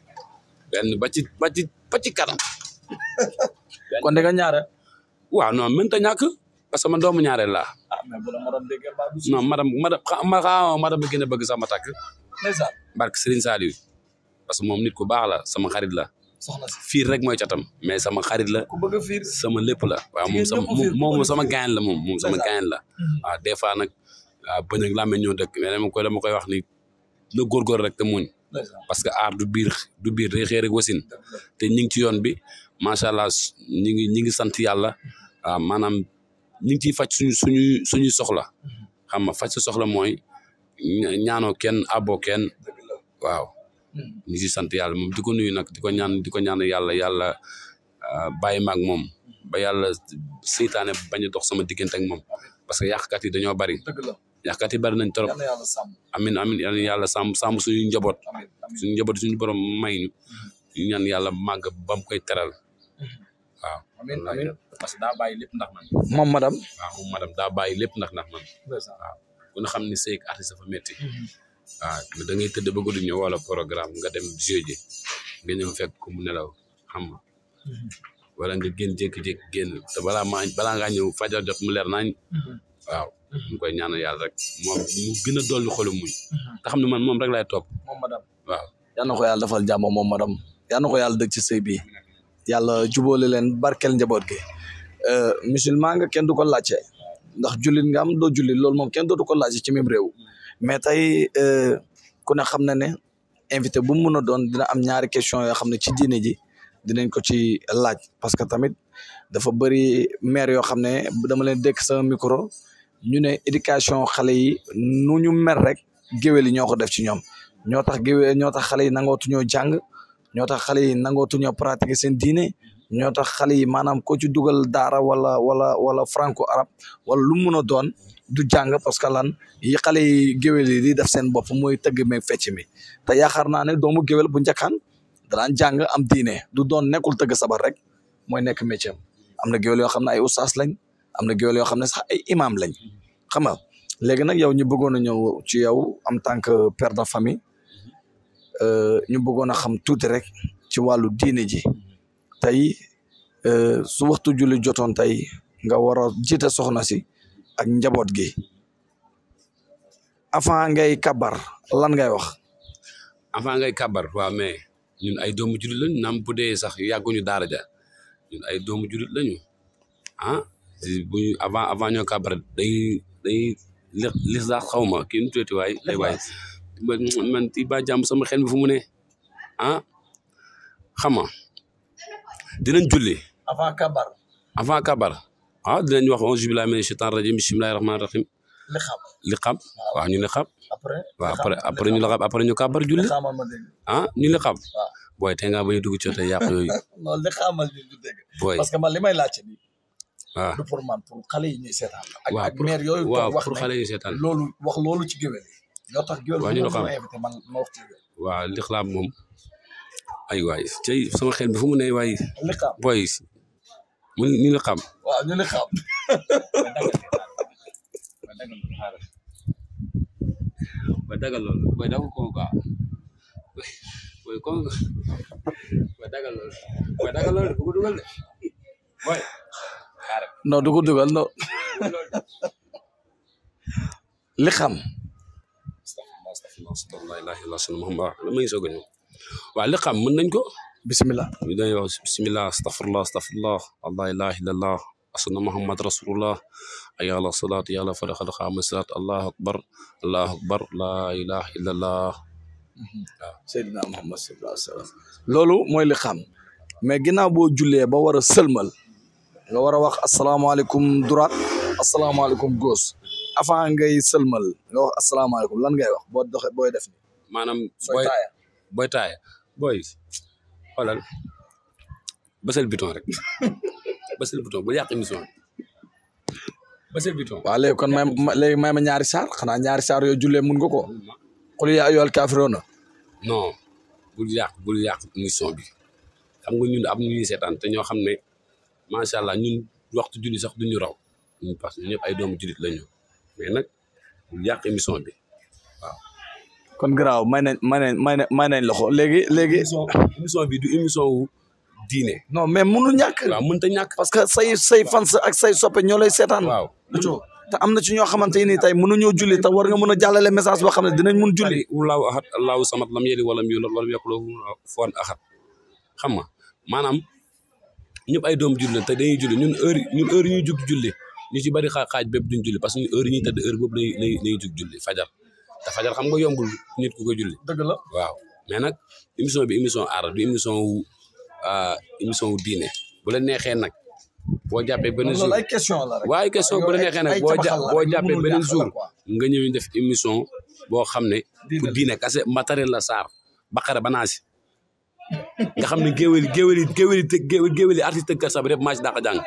Speaker 2: benn ba ci ba ci ba ci kanam kon da nga ñaare waaw ñàkk parce doomu ñaareel laa ah, non madame madame xaa madame gën a bëgg sama takk barke Serigne Saliou parce que moom nit ku baax la sama xarit la fiir rek mooy catam mais sama xarit la sama lépp la waaw moom sama moom sama la moom moom sama gaañ la waaw mm-hmm. ah, des fois nag waaw ah, bëñ ak làmmiñ ñoo dëkk mais dama koy dama koy wax ni na góorgóor rek te muñ parce que aar du biir du biir day xëy rek wasin te ñi ngi ci yoon bi macha allah ñi ngi ñi ngi sant yàlla ah, maanaam ñi ngi ciy faj suñu suñuy suñuy soxla xam nga faj sa soxla mooy ñaanoo kenn aboo kenn waaw ñi ci sant yàlla moom di ko nuyu nag di ko ñaan di ko ñaan yàlla yàlla ah, bàyyi maag moom ba yàlla seytaane bañ a sama diggante ak moom parce que yàqkat yi dañoo bari yàqkat yi bari nañ trop amin amin yal na yàlla sàmm sàmm suñu njaboot suñu njaboot suñu borom may ñu ñu ñaan yàlla màgg ba mu koy teral waaw amin amin parce que daa bàyyi lépp ndax daa bàyyi lépp ndax ndax man waaw ku xam ne sëy ak artiste dafa métti mhm. waaw da ngay tëdd ba wala programme nga dem jeu nga ñëw fekk ku mu nelaw xam nga mhm. wala nga génn jékki-jékki génn te balaa maa balaa ngaa ñëw fajar jot mu leer nañ mhm. waaw mu koy ñaanal yàlla rek moom mu gën a dolli xolu muñ mhm. te xam ne man moom rek laay topp moom madame
Speaker 1: waaw yal na ko yàlla defal jàmm moom madame yal ko yàlla dëgg ci sey bi yàlla jubóole leen barkeel njaboot gi euh, musulman nga kenn du ko laajte ndax jullit nga am doo jullit loolu moom kenn dootu ko laajte ci même réew mais tey euh, ku ne xam na ne invité bu mu a doon dina am ñaari question yoo xam ne ci diine ji dinañ ko ci laaj parce que tamit dafa bëri maire yoo xam ne dama leen dékk sa micro ñu ne éducation xale yi nu ñu mer rek géwél yi ñoo ko def ci ñoom ñoo tax géwél ñoo tax xale yi nangootuñoo jàng ñoo tax xale yi nangootuñoo pratiquer seen diine ñoo tax xale yi maanaam ko ci dugal daara wala wala wala franco arab wala lu mun a doon du jàng parce que lan yi xale yi géwél yi di def seen bopp mooy tëgg meeg fecc mi te yaakaar naa ne doomu géwél bu njëkkaan danaan jàng am diine du doon nekkul tëgg sabar rek mooy nekk métier am na géwél yoo xam ne ay ustaas lañ am na géwél yoo xam ne sax ay imaam lañ xam nga léegi nag yow ñu bëggoon na ñëw ci yow en tant que père de famille euh, ñu bëggoon a xam tuuti rek ci wàllu diine ji tey euh, su waxtu julli jotoon tey nga war a jiite soxna si ak njaboot gi avant ngay kabar lan ngay wax.
Speaker 2: avant ngay kabar waaw mais ñun ay dom jullit lañu naam bu dee sax yàgguñu daara ja ñun ay doomu jullit lañu ah. bu ñu avant avant ñoo kàbbare day day li li sax xaw ma kii nu tuuti waay lay waay man ti ba jàmm sama xel mi fu mu ne ah xam nga dinañ julli. avant kabar. avant kabar ah dinañ wax auzu billaahi mina shaytaani rajiim bismillaahi rahmaani rahiim. li xam li xam waaw ñu li xam. après waaw après après ñu la xam après ñu kabar julli. ah ñu li xam. waaw booy te ngaa bañ a dugg ci yàq yooyu. waaw ah. du
Speaker 1: pour man pour xale yi ñuy seetaan. ak ak maire yooyu. waaw pour xale yi seetaan loolu wax loolu ci géwél yoo tax géwél waaw ñu doon xam invité man ma wax ci géwél.
Speaker 2: waaw lixlaam moom ay waay tey sama xel bi fu mu ne waay. lixlaam booy mu ñu la xam.
Speaker 1: waaw ñu la xam.
Speaker 2: ba dagal loolu booy dafa ko quoi booy comme booy dagal loolu booy dagal loolu bu ko dugal de booy.
Speaker 1: non du dugal non li xam
Speaker 2: waaw li xam mën nañ ko bismillah allah ilaha muhammad rasulullah ay yàlla salaat yàlla fara xal xaama salaat allahu akbar allahu akbar la ilaha illallah
Speaker 1: waaw seydina muhammad sallallahu alayhi wa sallam loolu mooy li xam mais ginnaaw boo ba war a sëlmal nga war a wax asalaamaaleykum droite asalaamaaleykum gauche avant ngay sëlmal nga wax asalaamaaleykum lan ngay wax boo doxee booy def ni
Speaker 2: maanaam booy taaya booy rek bësal bouton bu yàq mission
Speaker 1: bësal bouton waaw léegi kon ñaari saar xanaa ñaari saar yoo jullee mun nga ko xul yaa ayyuhal kaafiruuna
Speaker 2: bul yàq bul yàq émission bi am nga ñun am ñuy seetaan te ñoo xam ne macha allah ñun waxtu julli sax duñu raw ñun parce que ñëpp ay doomu jullit la ñu
Speaker 1: mais nag ñu yàq émission bi kon garaaw may nañ may nañ may nañ may loxo léegi léegi. émission bi du émission wu diine. non mais mënul ñàkk. waaw mun a ñàkk. parce que say say fans ak say soppe ñoo lay seetaan. waaw te am na ci ñoo xamante ni tey mënuñoo julli te war nga mën a jàllale message boo xam ne dinañ mun julli.
Speaker 2: wallaahu ahad allaahu samad lam yalid walam yulad walam yakul lahu kufuwan ahad xam nga maanaam ñëpp ay doom julli te dañuy julli ñun heure ñun heure yi ñuy jug julli bari xaaj xaaj bépp duñ julli parce que ñun heure yi ñuy tëdd heure boobu la la fajar te fajar xam nga yombul nit ku ko julli dëgg la waaw mais nag émission bi émission aar émission wu ah, émission wu diine bu la neexee nag boo jàppee benn jour ay
Speaker 1: question la rek waaye question bu la neexee nag boo boo jàppee benn jour
Speaker 2: nga ñëw def émission boo xam ne pour diine kase matériel la saar baqara banaasi nga xam ne géwél géwél géwél të yi artiste tëgg sax bi rek maa si dàq jàng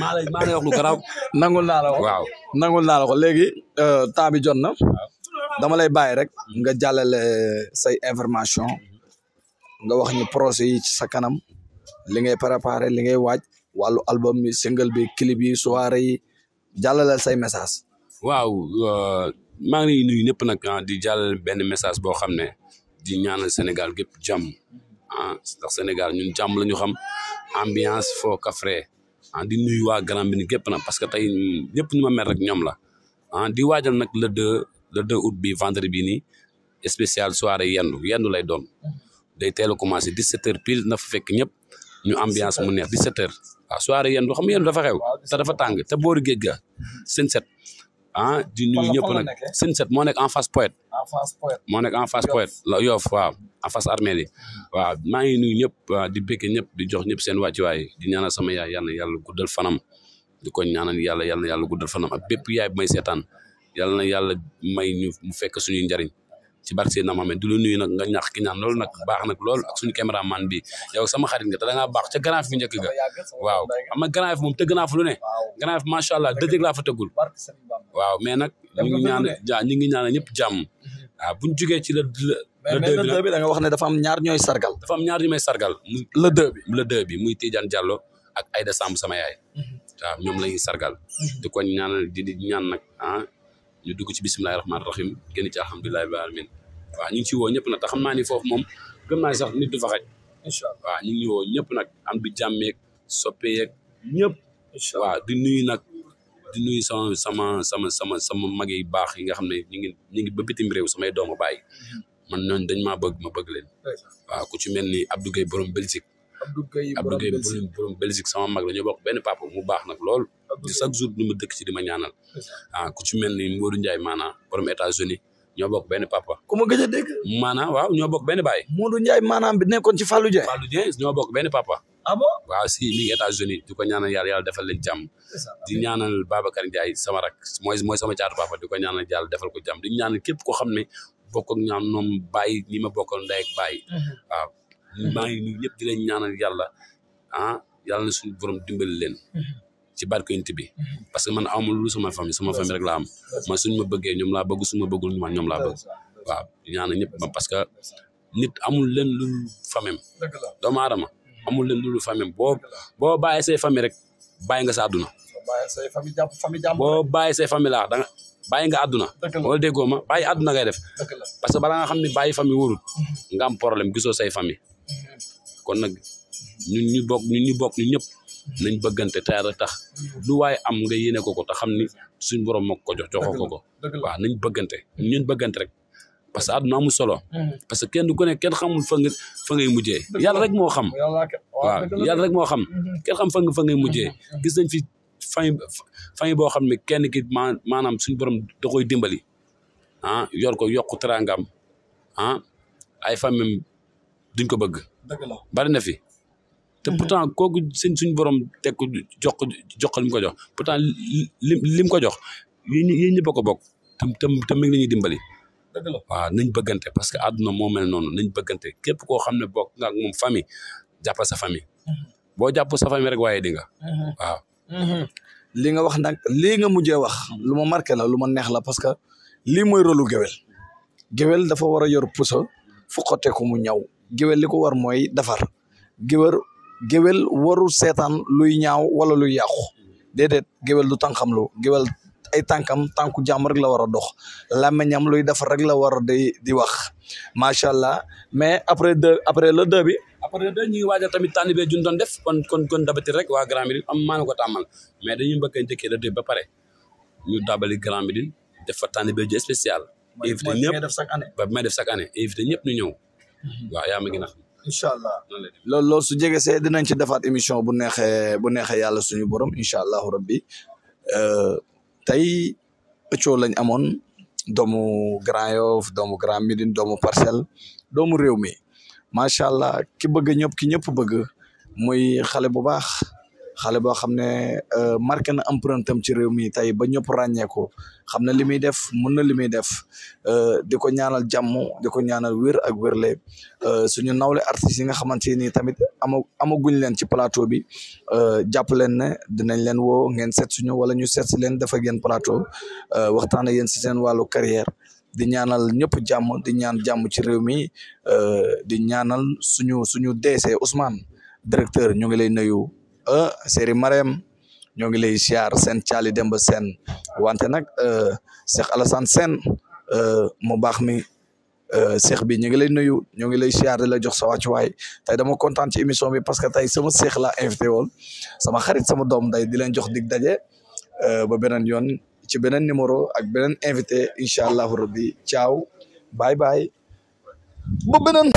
Speaker 1: maa lay maa lu garaaw nangul naa la ko waaw nangul naa ko léegi euh, temps bi jot na dama lay bàyyi rek nga jàllale euh, say information nga wax ñu projet yi ci sa kanam li ngay préparé li ngay waaj wàllu album bi single bi clip yi soirée yi jàllale say message
Speaker 2: waaw euh, maa ngi nuyu ñëpp nag ah, di jàllale benn message boo xam ne di ñaanal Sénégal gépp jàmm ah ndax Sénégal ñun jàmm la ñu xam ambiance foo kafre ah di nuyu waa Grand Médine gépp nag parce que tey ñëpp ñu ma mer rek ñoom la ah di waajal nag le deux le deux août bi vendredi bi nii spécial soirée yendu yendu lay doon day teel a commencé 17h pile na fa fekk ñëpp ñu ambiance mu neex 17h waaw soirée yendu xam yendu dafa xew te dafa tàng te booru géej ga seen ah di nuyu ñëpp nag seen set moo nekk en face poète.
Speaker 3: en moo nekk en face poète.
Speaker 2: Yoff waaw en face armée yi waaw maa ngi nuyu ñëpp di békke ñëpp di jox ñëpp seen wàccuwaay di ñaanal sama yaay yal na yàlla guddal fanam di ko ñaanal yàlla yal yàlla guddal fanam ak bépp yaay bu may seetaan yal na yàlla may ñu mu fekk suñuy njariñ ci barke Seydina Mohamed di la nuyu nag nga ñax ki ñaan loolu nag baax nag loolu ak suñu caméraman bi yow sama xarit nga te da baax ca Grand Yoff bi njëkk ga waaw xam nga Grand Yoff moom te naa lu ne Grand Yoff macha da dëgg laa fa tëggul waaw mais nag ñu ngi ñaan ja ñu ngi ñaan ñëpp jàmm mhm. waaw buñ jógee ci la le deux bi le deux nga wax ne dafa am ñaar ñooy sargal dafa am ñaar ñu may sargal la le deux bi le deux bi muy Tidiane Diallo ak sama yaay mhm. waaw ñoom la ñuy sargal mhm. di ko ñaan nag ah ñu dugg ci bisimilahi rahmaani rahim génn ci alhamdulilahi bi alamin waaw ñu ngi ci woo ñëpp na te xam naa ni foofu moom gëm sax nit du fa xaj incha allah ñu ngi woo ñëpp nag am bi jàmmeeg soppeeg ñëpp waaw di nuyu nag di nuyu sama sama sama sama sama mag yi baax yi nga xam ne ñu ngi ñu ngi ba bitim réew samay doomu baay mm-hmm. man ñooñu dañ maa bëgg ma bëgg leen waaw ku ci mel ni Abdou Gueye borom Belgique
Speaker 3: Abdou Gueye Abdou Gueye
Speaker 2: borom Belgique sama mag la ñoo bokk benn papa mu baax nag lool chaque jour ni ma dëkk di ma ñaanal ah ku mel ni Modou Ndiaye maanaa borom États-Unis ñoo bokk benn papa ku ma gëj a dégg ñoo bokk benn baay Modou Ndiaye maanaam bi nekkoon ci Fallou Dieng Fallou ñoo bokk benn papa ah bon waaw si mi ngi États-Unis di ko ñaanal yàlla yàlla defal leen jàmm di ñaanal Babacar Ndiaye sama rak mooy mooy sama caatu papa di ko ñaanal yàlla defal ko jàmm di ñaanal képp koo xam ne bokk ak ñaan noom bàyyi ni ma bokkal ndey ak bàyyi mm-hmm. waaw maa ngi nuyu ñëpp di leen ñaanal yàlla ah yàlla na suñu borom dimbali leen. ci barkeent bi. parce que man amul lu sama famille sama famille rek laa am man suñu ma bëggee ñoom laa bëgg su ma bëggul man ñoom laa bëgg waaw ñaanal ñëpp parce que nit amul leen lu famem doomu amul leen lu famem boo boo bàyyi say famille rek bàyyi nga sa àdduna. boo bàyyi say famille laa da nga bàyyi nga àdduna wala déggoo ma bàyyi àdduna ngay def parce que balaa nga xam ne bàyyi famille wóorul nga am problème gisoo say famille kon nag ñun ñu bokk ñun ñu bokk ñu ñëpp nañ bëggante te yàlla tax lu waaye am nga yéene ko ko xam ni suñ borom moo ko jox joxoo ko ko nañ bëggante ñun bëggante rek parce que àdduna amul solo hmm. parce que kenn du ko ne kenn xamul fa nga fa ngay yàlla rek moo xam waaw yàlla rek moo xam hmm, hmm. kenn xam fa nga fa ngay gis nañ fi fay fay boo xam ne kenn ki maanaam suñ borom da koy dimbali ah yor ko yokku ah ay famille duñ ko bëgg. dëgg la bari na fi. te mhm. pourtant kooku seen suñu borom teg ko jox ko jox ko li mu ko jox pourtant li li mu ko jox yéen ñi yéen ñëpp a ko bokk. dimbali. dëgg la waaw nañ bëggante parce que àdduna moo mel noonu nañ bëggante képp koo xam ne bokk nga ak moom famille jàppal sa famille. Mhm. boo jàpp sa famille rek waaye di nga.
Speaker 1: Mhm. waaw. li nga wax nag lii nga muje wax lu ma marqué la lu ma neex la parce que li mooy rôle lu géwél géwél dafa war a yor puso fukkate ko mu ñaw. géwél li ko war mooy defar géwél géwél waru seetaan luy ñaaw wala luy yàqu déedéet géwél du tànkamlu géwél ay tànkam tànku jàmm rek la war a dox làmmiñam luy defar rek la war a di di wax macha allah mais après deux après le deux bi
Speaker 2: après le deux tamit tànn bee def kon kon kon dabati rek waa Grand Médine am maa na ko tàmmal mais dañuy mbëkk a njëkkee le ba pare ñu dabali Grand Médine def fa tànn bee ju spécial ba may def chaque année invité ñëpp ñu ñëw Mhm. waaw yaa ma gën a
Speaker 1: xam allah loolu loolu su jege see dinañ ci defaat émission bu neexee bu neexee yàlla suñu borom incha allahu rabbi euh, tey ëccoo lañ amoon doomu Grand Yoff doomu Grand Médine doomu Parcelles doomu réew mi macha allah ki bëgg ñëpp ki ñëpp bëgg muy xale bu baax xale boo xam ne euh, marqué na empreinte am ci réew mi tey ba ñëpp ràññee xam na li muy def mën na li muy def euh, di ko ñaanal jàmm di ko ñaanal wér ak wérle euh, suñu nawle artistes yi nga xamante ni tamit ama amaguñ leen ci plateau bi jàpp leen ne dinañ leen woo ngeen seet suñu wala ñu seet si leen dafa ngeen plateau waxtaan ak yéen si seen wàllu carrière di ñaanal ñëpp jàmm di ñaan jàmm ci réew mi di ñaanal suñu suñu DC Ousmane directeur ñu ngi lay nuyu. Euh, Seri Marème ñoo ngi lay siyaar seen caali Demba Sène wante nag euh, Cheikh Alassane Sène euh, mu baax mi seex bi ñu ngi lay nuyu ñu ngi lay siyaar di la jox sa wàccuwaay tey dama kontaan ci émission bi parce que tey sama seex laa invité sama xarit sama doom day di leen jox dig daje ba beneen yoon ci beneen numéro ak beneen invité incha allahu rabbi ciao bye bye ba beneen